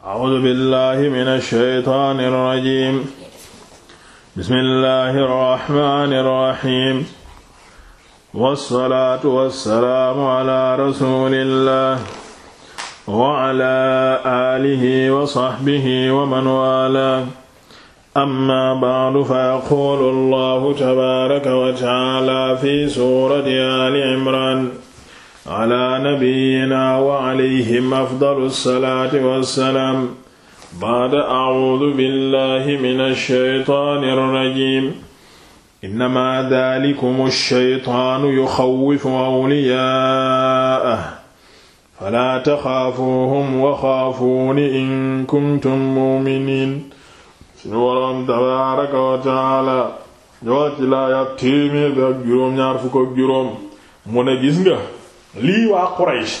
A'uuzu billaahi mina shaytaani rajiim. Bismillaahi rahmaani rahiim. Wassalaatu wassalaamu alaa rasuulillaah wa alaa aalihi wa sahbihi wa man waalaah. Ammaa ba'du fa yaquulu Allaahu tabaaraka wa ta'aalaa fi suurati Aali Imraan ala nabiyyina wa alayhim afdalu salaati wassalaam ba'da a'uudu billahi mina shaytaani rajiim innamaa daalikumu shaytaanu yuxawwifu awliyaa'ahu falaa taxaafuuhum wa xaafuuni in kuntum mu'miniin suñu Boroom tabaaraka wa ta'aala ñoo ci laayaat téeméer bi ak juróom ñaar fukk ak juróom mu ne gis nga lii waa Quraysh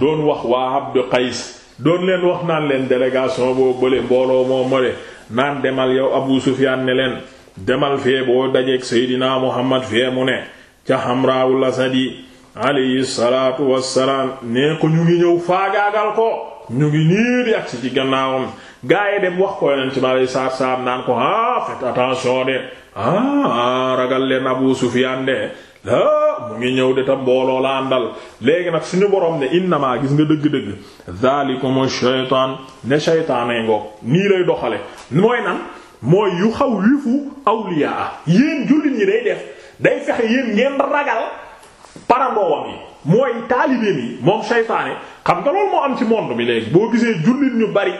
doon wax waa Abdu Qays doon leen wax naan leen délégation boo bële mbooloo moo mole naan demal yow Abu Sufyaan ne leen demal fee boo dajeek Seydina Muhammad fee mu ne ca Hamraawul Asadi alayhi salaatu wassalaam nee ko ñu ngi ñëw faagaagal ko ñu ngi nii di agsi ci gannaawam gaa yi dem wax ko yonent mi alayhi salaatu wassalaam naan ko ah faites attention de ah ragal leen Abu Sufyaan de ah mu ngi ñëw de tam mbooloo la àndal léegi nag suñu borom ne innamaa gis nga dëgg-dëgg zaalikumu shaytaan ne shaytaanee ngoog nii lay doxale mooy nan mooy yu xaw wifu awliyaa yéen jullit ñi day def day fexe yéen ngeen ragal parandoowam yi mooy taalibeem yi moom shaytaane xam nga loolu moo am ci mont bi léegi boo gisee jullit ñu bari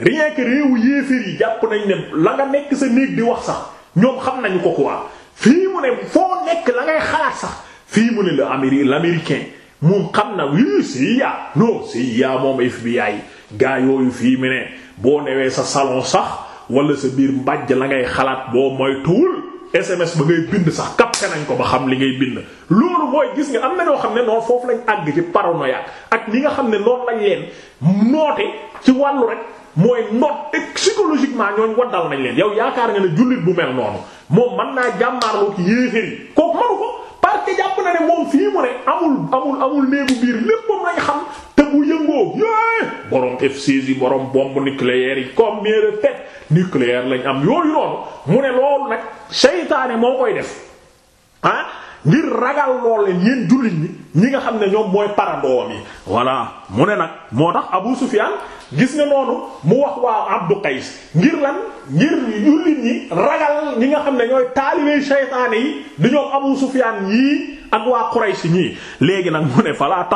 rien que réewu yéeféer yi jàpp nañ ne la nga nekk sa néeg di wax sax ñoom xam nañu ko quoi fii mu ne foo nekk la ngay xalaat sax fii mu ne la améri l'américain moom xam na wii CIA non CIA moom FBI gaa yooyu fii mu ne boo newee sa salon sax wala sa biir mbàjj la ngay xalaat boo moytuwul SMS ba ngay bind sax capté nañ ko ba xam li ngay bind loolu mooy gis nga am na ñoo xam ne noonu foofu lañu àgg ci paranoïa ak li nga xam ne noonu lañ leen noote ci wàllu rek mooy noot et psychologiquement ñooñ waddal nañ leen yow yaakaar nga ne jullit bu mel noonu moom man naa jàmmaarloo ki yéeféri kooku manu ko parce que jàpp na ne moom fii mu ne amul amul amul néegu biir lépp moom lañ xam te bu yëngoo yooyu borom F-16 borom bombe nucléaire yi combien de têtes nucléaires lañ am yooyu noonu mu ne loolu nag seytaane moo koy def ah ngir ragal lool leen yéen jullit ñi ñi nga xam ne ñoom mooy parandoom yi voilà mu ne nag moo tax Abu Sufyan gis nga noonu mu ngir ñi nga xam ne ñooy taalibey seytaane yi di ñoom Abu Sufyan yii ak waa Quraysh ñii léegi nag mu ne falaa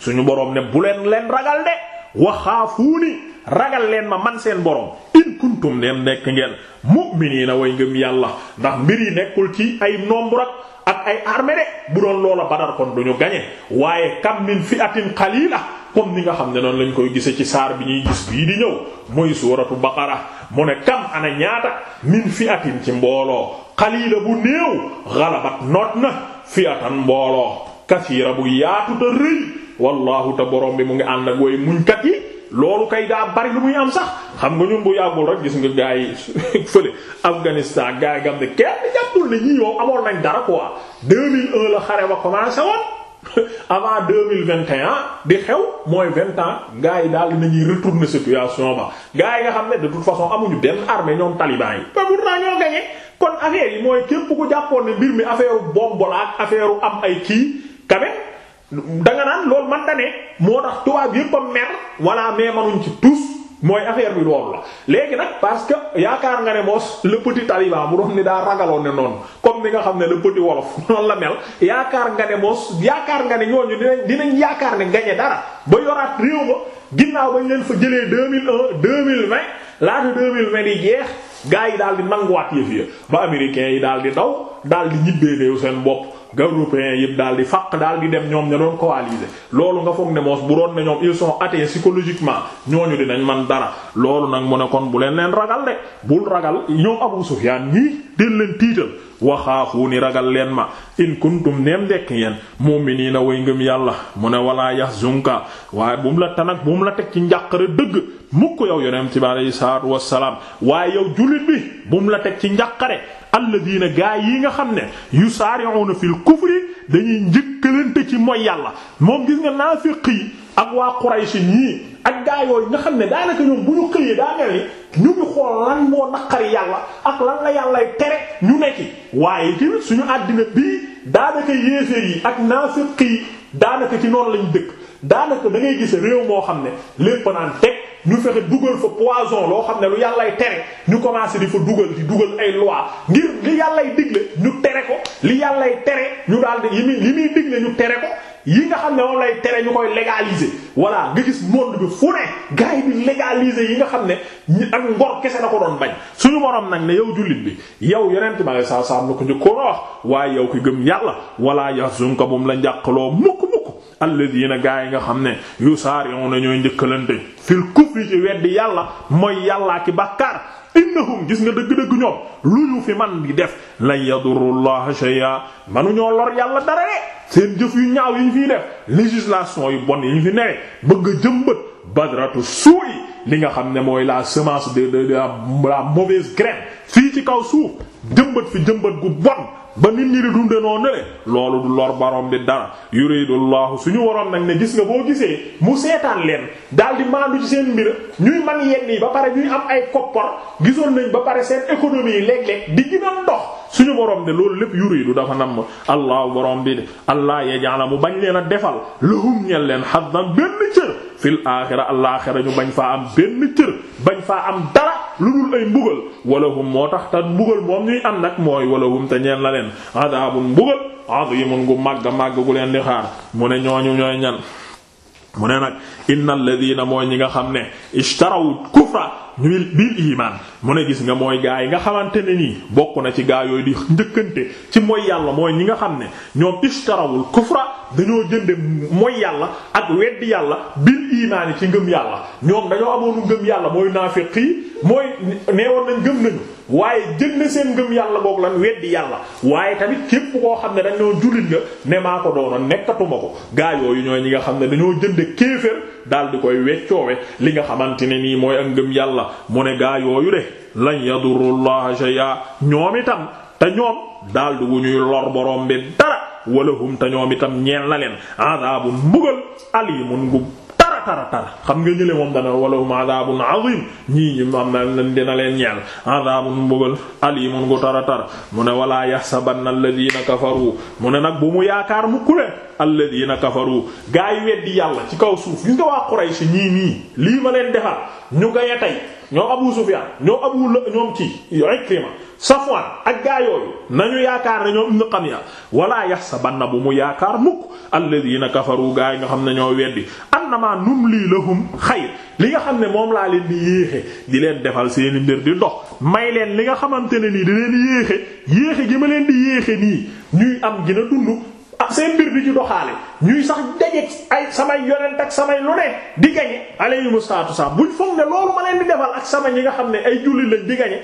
suñu boroom ne bu leen leen ragal de wa xaafuuni ragal leen ma man seen borom in kuntum dem nekk ngeen mu'miniina way ngëm yàlla ndax mbir yi nekkul ci ay nombre ak ak ay armée de bu doon loola Badar du ñu gañe waaye kam min fi atin qalila comme ni nga xam ne noonu lañ koy gisee ci saar bi ñuy gis bii di ñëw muy suuratu baqara mu ne kam ana ñaata min fi atin ci mbooloo qalila bu néew xalabat noot na fi atan mbooloo kasiira bu yaatu te rëy wallaahu te borom bi mu ngi ànd ak way muñkat yi loolu kay gaa bari lu muy am sax xam nga ñun bu yàggul rek gis nga gaa yi fële Afghanistan gaa nga xam ne kenn jàppul ne ñii yow amoon nañ dara quoi 2001 la xare ba commencé woon avant 2021 di xew mooy 20 ans gaa yi daal nañuy retourner ba gaa yi nga xam ne de toute façon amuñu benn armée ñoom taliban yi. ba pourtant ñoo gagné kon affaire yi mooy képp ku jàppoon ne mbir mi affaire bombe la ak affaire am ay kii quand danga naan lool man da ne moo tax tubaab yëpp a mer walla mais manuñ ci tous mooy affaire bi loolu la léegi nag parce que yaakaar nga ne moos le petit taliban bu doon ni daa ragaloon ne noonu comme ni nga xam ne le petit wolof noonu la mel yaakaar nga ne moos yaakaar nga ne ñooñu dinañ dinañ yaakaar ne gañe dara ba yoraat réew ma ginnaaw bañ leen fa jëlee deux mille un deux mille vingt laata deux mille vingt di jeex gars yi daal di nanguwaat yëf ya ba américains yi daal di daw daal di ñibbee néew seen bopp. européens yëpp daal di faq daal di dem ñoom ña doon coaliser loolu nga foog ne moos bu doon ne ñoom ils sont athées psychologiquement ñooñu dinañ man dara loolu nag mu ne kon bu leen leen ragal de bul ragal ñoom Abu Sufyaan ñii del leen tiital waxaafu ni ragal leen ma in kuntum neem dekk yeen mu'miniina way ngëm yàlla mu ne walaa yahzunka waaye bu mu la tanak bu mu la teg ci njàqare dëgg mukk yow yonent bi aleyhi salaatu wassalaam waaye yow jullit bi bu mu la teg ci njàqare alladiina gaay yi nga xam ne yusaari'uuna fil kufri dañuy njëkkalante ci mooy yàlla moo gis nga naafiq yi ak waa Quraysh ñii ak gaa nga xam ne daanaka ñoom bu ñu xëyee daa mel ni ñu ngi xool lan moo naqari yàlla ak lan la yàllay tere ñu nekki waaye tamit suñu àddina bii daanaka yéeféer yi ak naafiq yi daanaka ci noonu lañ dëkk daanaka da ngay gis réew moo xam ne lépp naan teg ñu fexe dugal fa poison loo xam ne lu yàllay tere ñu commencé di fa dugal di dugal ay loi ngir li yàllay digle ñu tere ko li yàllay tere ñu daal di yi muy li digle ñu tere ko yi nga xam ne moom lay tere ñu koy légaliser voilà nga gis monde bi fu ne gars yi bi légaliser yi nga xam ne ak ngor kese na ko doon bañ suñu morom nag ne yow jullit bi yow yeneen ma nga saa saa am ko njëkkoon a wax waaye yow ki gëm yàlla wala yaxzunka bum la njàqloo alladina gaa yi nga xam ne yusaari'una ñooy njëkkalante fil kufri ci weddi yàlla mooy yàllaa ki bàkkaar innahum gis nga dëgg-dëgg ñoom lu ñu fi man di def lan yadurullaha shay'a manu ñoo lor yàlla dara de seen jëf yu ñaaw yi ñu fiy def législation yu bon yi ñu fi newee bëgg a jëmbat badratu suuy li nga xam ne mooy la semence de de la mauvaise graine fii ci kaw suuf jëmbat fi jëmbat gu bon ba nit ñi di dunde noo nele loolu du lor barom bi dara su ñu waroon nag ne gis nga boo gisee mu seetaan leen daal di maandu ci seen mbir ñuy man yenn yi ba pare ñuy am ay koppar gisoon nañ ba pare seen économie yi léeg-léeg di gën a ndox suñu borom de loolu lépp yuridu dafa nam allah boroom bi de allah yaj'ala mu bañ leen a defal lahum ñel leen haddan benn cër fil aaxira alaaxira ñu bañ faa am benn cër bañ faa am dara lu dul ay mbugal walahum moo tax te mbugal moom ñuy am nag mooy walahum te ñeel na leen adaabun mbugal adimun gu màgg màgg gu leen di xaar mu ne ñooñu ñooy ñan mu ne nag innal ladina mooy ñi nga xam ne ishtaraw kufra bil bil iman mu ne gis nga mooy gaa yi nga xamante ne nii bokk na ci gaa yooyu di njëkkante ci mooy yàlla mooy ñi nga xam ne ñoom ishtarawul kufra dañoo jënde mooy yàlla ak weddi yàlla bil imaan ci ngëm yàlla ñoom dañoo amoonu ngëm yàlla mooy naafiq yi mooy neewoon nañ ngëm nañu waaye jënd seen ngëm yàlla boog lan weddi yàlla waaye tamit képp koo xam ne dañoo jullit nga ne maa ko doonoon nekkatuma ko gaa yu ñooy ñi nga xam ne dañoo jënd kéefër daal di koy weccoowe li nga xamante ne nii mooy ak ngëm la mu ne gaa yooyu de lañ yadurullaha shay'a ñoom itam te ñoom daldi wu ñuy lor borom bi dara wala hum te ñoom itam ñeel na leen adaabu mbugal alimun gu tara tara tara xam nga ñële moom dana wala hum adabun azim ñii ñu am na dina leen ñeel adabun mbugal alimun gu tara tara mu ne walaa yahsabanna alladhina kafaru mu ne nag bu mu yaakaar mu kule alladhina kafaru gaa yi weddi yàlla ci kaw suuf gis nga waa Quraysh ñii nii lii ma leen defal ñu gañe tey ñoo Abu Sufyaan ñoom Abu la ñoom ci Ikrima Safwaan ak gaa yooyu nañu yaakaar ne ñoom Ibn Qamiya sa yahsabanna bu mu yaakaar mukk alladhiina kafaru gaa yi nga xam ne ñoo weddi annama numli lahum xay li nga xam ne moom laa leen di yéexe di leen defal seeni mbir di dox may leen li nga xamante ne nii di leen yéexe yéexe gi ma leen di yéexe nii ñuy am gën a dund Ah, seen mbir bi ci doxaale ñuy sax daje ay samay yonent ak samay lu ne di gañe alayhimu salaatu salaam buñ foog ne loolu ma leen di defal ak sama ñi nga xam ne ay julli lañ di gañe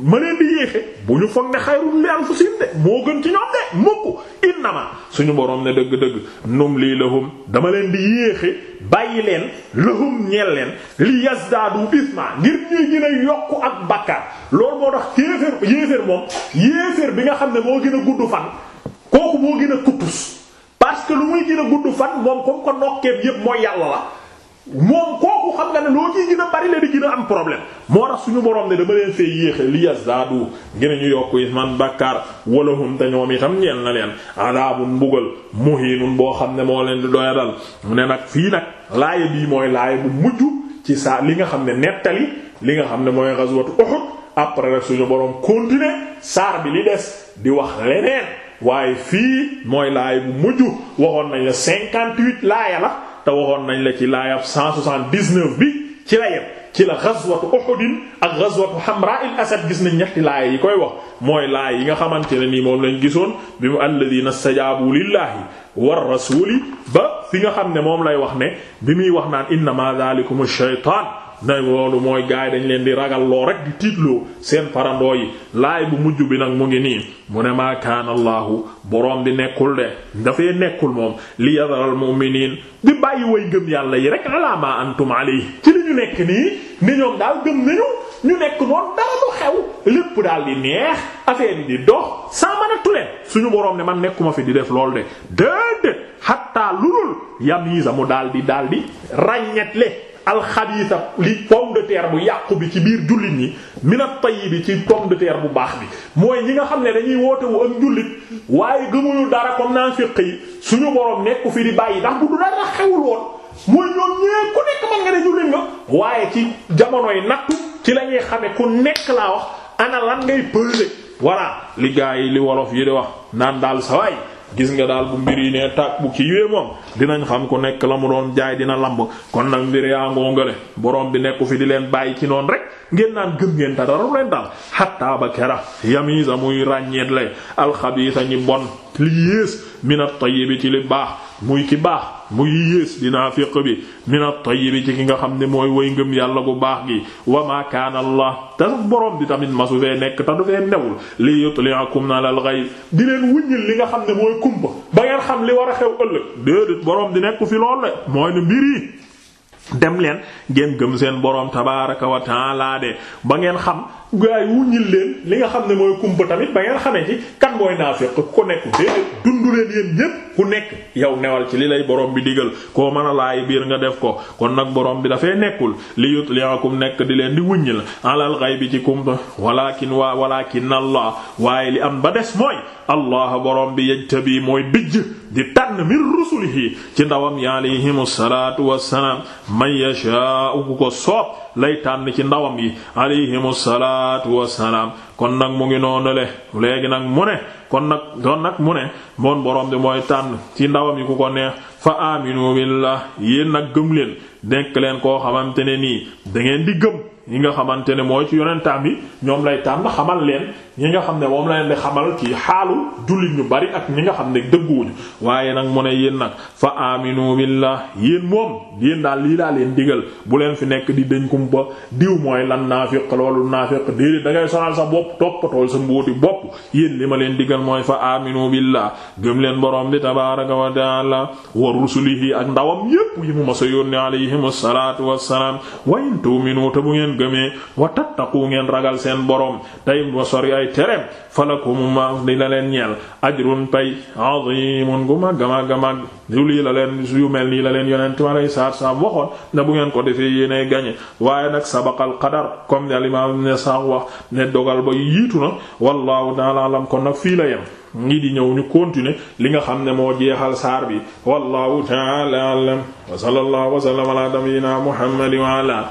ma leen di yéexe bu ñu foog ne xayrun li anfusihim de moo gën ci ñoom de mukk innama suñu boroom ne dëgg-dëgg num lii lahum dama leen di yéexe bàyyi leen lahum ñeel leen li yazdaadu isma ngir ñuy gën a yokk ak bàkkaar loolu moo tax yéeféer yéeféer moom yéeféer bi nga xam ne moo gën a kooku moo gën a kuttus parce que lu muy gën a gudd fan moom comme ko nokkeem yépp mooy yàlla la moom kooku xam nga ne loo ciy gën bari la di gën am problème moo tax suñu borom ne dama leen fee yéexe li yazdaadu gën a ñu yokk isman bàkkaar walahum te ñoom itam ñeel na leen adaabun mbugal muhiinun boo xam ne moo leen di doyadal mu ne nag fii nag laaya bii mooy laaya bu mujj ci saa li nga xam ne nettali li nga xam ne mooy ghazwatu Uhud après rek suñu bi li des di wax waaye fii mooy laay bu mujj waxoon nañ la cinquante-huit laaya la te waxoon nañ la ci laayab cent soixante dix bi ci la yem ci la ghazwatu Uhud ak ghazwatu Hamra al Asad gis nañ ñetti laaya yi koy wax mooy laaya yi nga xamante ne nii moom lañ gisoon bi mu alladina stajaabu lillahi war rasuli ba fi nga xam ne moom lay wax ne bi muy wax naan innama dhalikum ash-shaytan na loolu mooy gaay dañ leen di ragal loo rek di tiitloo seen parandoo yi laay bu mujj bi nag mu ngi nii mu ne maa kaana allahu boroom di nekkul de dafay nekkul moom li yadaral mu'miniin di bàyyi way gëm yàlla yi rek alaa maa antum alayhi ci li ñu nekk nii ni ñoom daal gëm nañu ñu nekk noonu dara du xew lépp daal di neex affaire yi di dox saa mën a tulee suñu boroom ne man nekkuma fi di def loolu de déedéet xattaa lulul yam yi sa mu daal di daal di ràññetle alxabiisa li pomme de terre bu yàqu bi ci biir jullit ñi minat bi ci pomme de terre bu baax bi mooy ñi nga xam ne dañuy woote wu ak jullit waaye gëmuñu dara comme naafiq yi suñu borom nekku fi di bàyyi ndax bu du dara xewul woon mooy ñoom ñee ku nekk man nga ne jullit nga waaye ci jamonoy nattu ci la xame ku nekk laa wax ana lan ngay peser voilà li gaa yi li wolof yi di wax naan daal sa waay gis nga daal bu mbir yi ne tàkk bu kiiwee moom dinañ xam ku nekk la mu doon jaay dina lamb kon nag mbir yaa ngongale borom bi nekku fi di leen bàyyi ci noonu rek ngeen naan gëm ngeen ta dara leen daal xattaa ba kera yamisa muy ràññeet lay alxabiisa ñi bon li yées minat tayyib ci li baax muy ki baax mu yées dinaa féq bi mina tayyib ci ki nga xam ne mooy woy ngëm yàlla bu baax gi wa ma kaana te sax borom bi tamit masu fee nekk te du fee newul li yutli'akum ala al li nga xam ne mooy kumpa ba ngeen xam li war a xew ëllëg déedéet borom di nekk fi loolu de mooy ne mbir dem leen ngeen gëm seen borom tabaaraka wa ta'aala de ba ngeen xam. gaa yi wuññil leen li nga xam ne mooy kumpa tamit ba ngeen xamee ci kan mooy naafiq ku ko nekk déedéet dund leen yéen ñépp ku nekk yow newal ci li lay borom bi digal koo mën a laay biir nga def ko kon nag borom bi dafay nekkul li yut liakum nekk di leen di wuññil alal ghaybi ci kumpa walakin waa walakin allah waaye li am ba des mooy allah borom bi yajtabi mooy bijj di tànn min rusulihi ci ndawam ya alayhimu salaatu wassalaam man yashaa'u ku ko soob lay tànn ci ndawam yi alayhimu salaatu wassalaam kon nag mu ngi noonu le léegi nag mu ne kon nag kon nag mu ne moon borom bi mooy tànn ci ndawam yi ku ko neex fa aminu la yéen nag gëm leen denk leen koo xamante ne nii da ngeen di gëm yi nga xamante ne mooy ci yonentaam yi ñoom lay tànn xamal leen ñi nga xam ne moom la leen di xamal ci xaalu jullit ñu bari ak ñi nga xam ne dëgguwuñu waaye nag mu ne yéen nag fa aminu billah yéen moom yéen daal lii laa leen digal bu leen fi nekk di dëñ kumpa diw mooy lan naafiq loolu naafiq déedéet da ngay sonal sa bopp toppatool sa mbóoti bopp yéen li ma leen digal mooy fa aminu billah gëm leen borom bi tabaraka wa taala wa rusulihi ak ndawam yépp yi mu ma sa yónni alayhim asalatu wassalaam wa in tu'minu te bu ngeen gëmee wa tattaqu ngeen ragal seen borom ay tereem falakum ma dina leen ñeel ajrun pay azimun gu màgg màgg màgg yu lii la leen yu mel nii la leen yonent ma lay saar saam waxoon na bu ngeen ko defee yéenay gañe waaye nag sabaqal qadar comme al imam ne sax wax ne dogal ba yiitu na wallahu ta'ala alam kon nag fii la yem ngi di ñëw ñu continuer li nga xam ne moo jeexal saar bi wallahu ta'ala a wa wa sallama ala nabiyyina muhammad wa ala